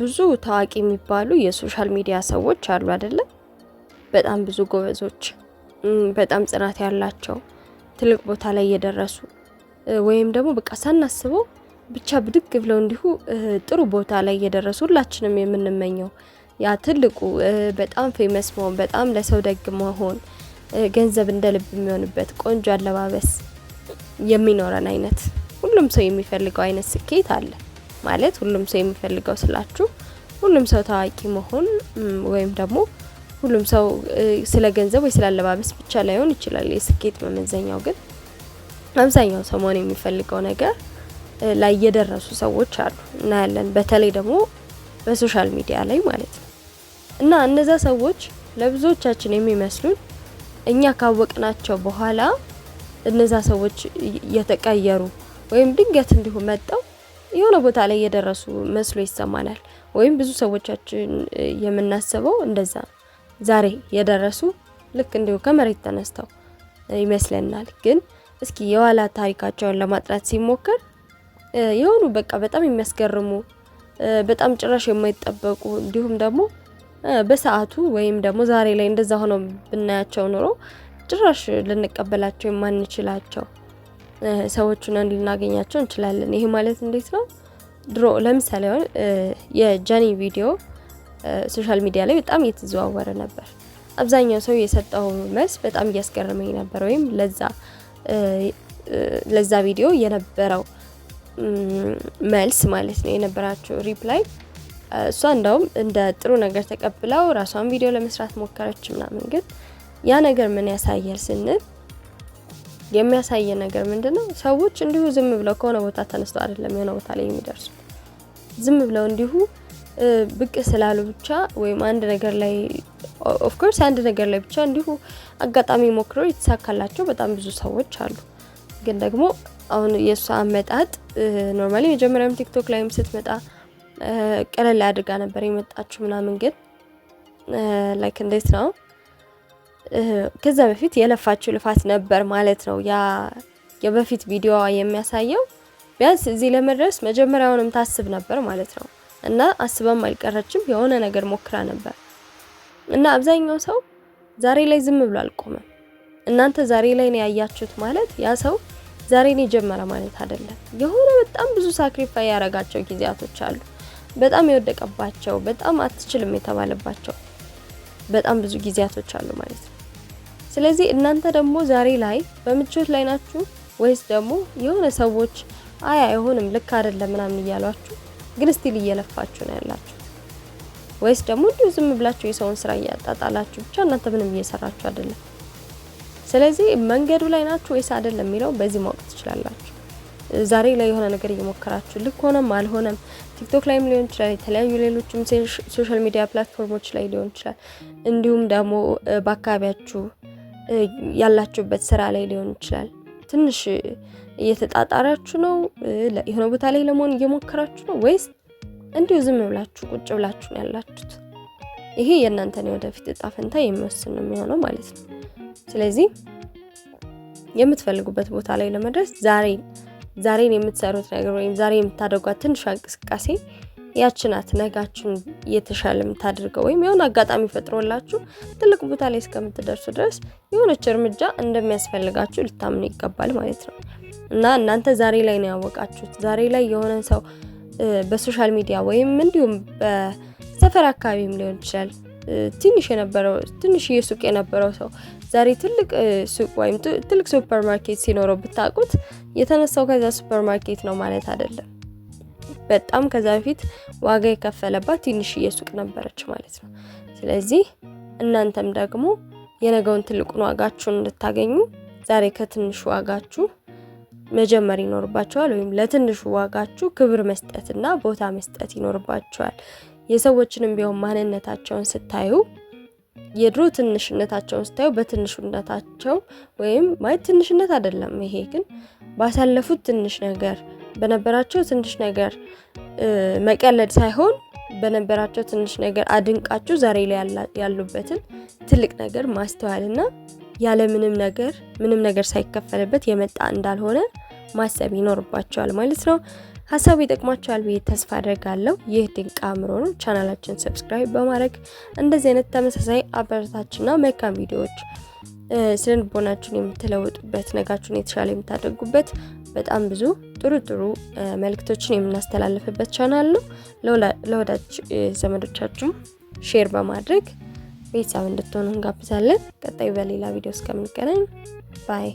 ብዙ ታዋቂ የሚባሉ የሶሻል ሚዲያ ሰዎች አሉ አይደለም? በጣም ብዙ ጎበዞች፣ በጣም ጽናት ያላቸው ትልቅ ቦታ ላይ እየደረሱ ወይም ደግሞ በቃ ሳናስበው ብቻ ብድግ ብለው እንዲሁ ጥሩ ቦታ ላይ እየደረሱ ሁላችንም የምንመኘው ያ ትልቁ በጣም ፌመስ መሆን፣ በጣም ለሰው ደግ መሆን፣ ገንዘብ እንደ ልብ የሚሆንበት ቆንጆ አለባበስ የሚኖረን አይነት ሁሉም ሰው የሚፈልገው አይነት ስኬት አለ። ማለት ሁሉም ሰው የሚፈልገው ስላችሁ ሁሉም ሰው ታዋቂ መሆን ወይም ደግሞ ሁሉም ሰው ስለ ገንዘብ ወይ ስለ አለባበስ ብቻ ላይሆን ይችላል። የስኬት መመዘኛው ግን አብዛኛው ሰው መሆን የሚፈልገው ነገር ላይ የደረሱ ሰዎች አሉ እናያለን። በተለይ ደግሞ በሶሻል ሚዲያ ላይ ማለት ነው። እና እነዛ ሰዎች ለብዙዎቻችን የሚመስሉን እኛ ካወቅናቸው በኋላ እነዛ ሰዎች እየተቀየሩ ወይም ድንገት እንዲሁ መጠው የሆነ ቦታ ላይ የደረሱ መስሎ ይሰማናል። ወይም ብዙ ሰዎቻችን የምናስበው እንደዛ ነው። ዛሬ የደረሱ ልክ እንዲሁ ከመሬት ተነስተው ይመስለናል። ግን እስኪ የኋላ ታሪካቸውን ለማጥራት ሲሞከር የሆኑ በቃ በጣም የሚያስገርሙ በጣም ጭራሽ የማይጠበቁ እንዲሁም ደግሞ በሰዓቱ ወይም ደግሞ ዛሬ ላይ እንደዛ ሆነው ብናያቸው ኑሮ ጭራሽ ልንቀበላቸው የማንችላቸው ሰዎቹን ልናገኛቸው እንችላለን። ይሄ ማለት እንዴት ነው? ድሮ ለምሳሌ አሁን የጃኒ ቪዲዮ ሶሻል ሚዲያ ላይ በጣም እየተዘዋወረ ነበር። አብዛኛው ሰው የሰጠው መልስ በጣም እያስገረመኝ ነበር። ወይም ለዛ ለዛ ቪዲዮ የነበረው መልስ ማለት ነው የነበራቸው ሪፕላይ እሷ እንደውም እንደ ጥሩ ነገር ተቀብለው ራሷን ቪዲዮ ለመስራት ሞከረች ምናምን። ግን ያ ነገር ምን ያሳያል ስንል የሚያሳየ ነገር ምንድነው? ሰዎች እንዲሁ ዝም ብለው ከሆነ ቦታ ተነስተው አይደለም የሆነ ቦታ ላይ የሚደርሱ ዝም ብለው እንዲሁ ብቅ ስላሉ ብቻ ወይም አንድ ነገር ላይ ኦፍኮርስ አንድ ነገር ላይ ብቻ እንዲሁ አጋጣሚ ሞክረው የተሳካላቸው በጣም ብዙ ሰዎች አሉ። ግን ደግሞ አሁን የእሷ አመጣጥ ኖርማሊ መጀመሪያም ቲክቶክ ላይም ስትመጣ ቀለል አድርጋ ነበር የመጣችው ምናምን ግን ላይክ እንዴት ነው ከዛ በፊት የለፋችው ልፋት ነበር ማለት ነው። ያ የበፊት ቪዲዮ የሚያሳየው ቢያንስ እዚህ ለመድረስ መጀመሪያውንም ታስብ ነበር ማለት ነው። እና አስበም አልቀረችም፣ የሆነ ነገር ሞክራ ነበር። እና አብዛኛው ሰው ዛሬ ላይ ዝም ብሎ አልቆመም። እናንተ ዛሬ ላይ ነው ያያችሁት ማለት ያ ሰው ዛሬ ነው የጀመረ ማለት አይደለም። የሆነ በጣም ብዙ ሳክሪፋይ ያደረጋቸው ጊዜያቶች አሉ። በጣም የወደቀባቸው፣ በጣም አትችልም የተባለባቸው በጣም ብዙ ጊዜያቶች አሉ ማለት ነው። ስለዚህ እናንተ ደግሞ ዛሬ ላይ በምቾት ላይ ናችሁ ወይስ ደግሞ የሆነ ሰዎች አይ አይሆንም ልክ አይደለም ምናምን እያሏችሁ ግን ስቲል እየለፋችሁ ነው ያላችሁ ወይስ ደግሞ እንዲሁ ዝም ብላችሁ የሰውን ስራ እያጣጣላችሁ ብቻ እናንተ ምንም እየሰራችሁ አይደለም። ስለዚህ መንገዱ ላይ ናችሁ ወይስ አይደለም የሚለው በዚህ ማወቅ ትችላላችሁ። ዛሬ ላይ የሆነ ነገር እየሞከራችሁ ልክ ሆነም አልሆነም ቲክቶክ ላይም ሊሆን ይችላል፣ የተለያዩ ሌሎችም ሶሻል ሚዲያ ፕላትፎርሞች ላይ ሊሆን ይችላል። እንዲሁም ደግሞ በአካባቢያችሁ ያላችሁበት ስራ ላይ ሊሆን ይችላል። ትንሽ እየተጣጣራችሁ ነው? የሆነ ቦታ ላይ ለመሆን እየሞከራችሁ ነው ወይስ እንዲሁ ዝም ብላችሁ ቁጭ ብላችሁ ነው ያላችሁት? ይሄ የእናንተን የወደፊት እጣ ፈንታ የሚወስን ነው የሚሆነው ማለት ነው። ስለዚህ የምትፈልጉበት ቦታ ላይ ለመድረስ ዛሬ ዛሬን የምትሰሩት ነገር ወይም ዛሬ የምታደርጓት ትንሿ እንቅስቃሴ ያችናት ናት ነጋችሁን የተሻለ የምታደርገው ወይም የሆነ አጋጣሚ ፈጥሮላችሁ ትልቅ ቦታ ላይ እስከምትደርሱ ድረስ የሆነች እርምጃ እንደሚያስፈልጋችሁ ልታምኑ ይገባል ማለት ነው እና እናንተ ዛሬ ላይ ነው ያወቃችሁት። ዛሬ ላይ የሆነ ሰው በሶሻል ሚዲያ ወይም እንዲሁም በሰፈር አካባቢም ሊሆን ይችላል ትንሽ የነበረው ትንሽዬ ሱቅ የነበረው ሰው ዛሬ ትልቅ ሱቅ ወይም ትልቅ ሱፐር ማርኬት ሲኖረው ብታውቁት የተነሳው ከዛ ሱፐር ማርኬት ነው ማለት አይደለም። በጣም ከዛ በፊት ዋጋ የከፈለባት ትንሽዬ ሱቅ ነበረች ማለት ነው። ስለዚህ እናንተም ደግሞ የነገውን ትልቁን ዋጋችሁን እንድታገኙ ዛሬ ከትንሹ ዋጋችሁ መጀመር ይኖርባችኋል። ወይም ለትንሹ ዋጋችሁ ክብር መስጠትና ቦታ መስጠት ይኖርባችኋል። የሰዎችንም ቢሆን ማንነታቸውን ስታዩ የድሮ ትንሽነታቸውን ስታዩ በትንሽነታቸው ወይም ማየት ትንሽነት አይደለም ይሄ ግን ባሳለፉት ትንሽ ነገር በነበራቸው ትንሽ ነገር መቀለድ ሳይሆን በነበራቸው ትንሽ ነገር አድንቃችሁ ዛሬ ላይ ያሉበትን ትልቅ ነገር ማስተዋልና ያለ ምንም ነገር ምንም ነገር ሳይከፈልበት የመጣ እንዳልሆነ ማሰብ ይኖርባቸዋል ማለት ነው። ሀሳቡ ይጠቅማቸዋል ብዬ ተስፋ አድርጋለሁ። ይህ ድንቅ አእምሮ ነው። ቻናላችን ሰብስክራይብ በማድረግ እንደዚህ አይነት ተመሳሳይ አበረታችና መልካም ቪዲዮዎች ስለ ልቦናችሁን የምትለውጡበት ነጋችሁን የተሻለ የምታደርጉበት በጣም ብዙ ጥሩ ጥሩ መልእክቶችን የምናስተላልፍበት ቻናል ነው። ለወዳጅ ዘመዶቻችሁም ሼር በማድረግ ቤተሰብ እንድትሆኑ እንጋብዛለን። ቀጣዩ በሌላ ቪዲዮ እስከምንገናኝ ባይ